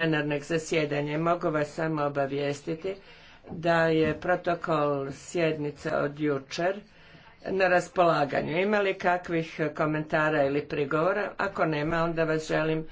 plenarnog zasjedanja. Mogu vas samo obavijestiti da je protokol sjednice od jučer na raspolaganju. Ima li kakvih komentara ili prigovora? Ako nema, onda vas želim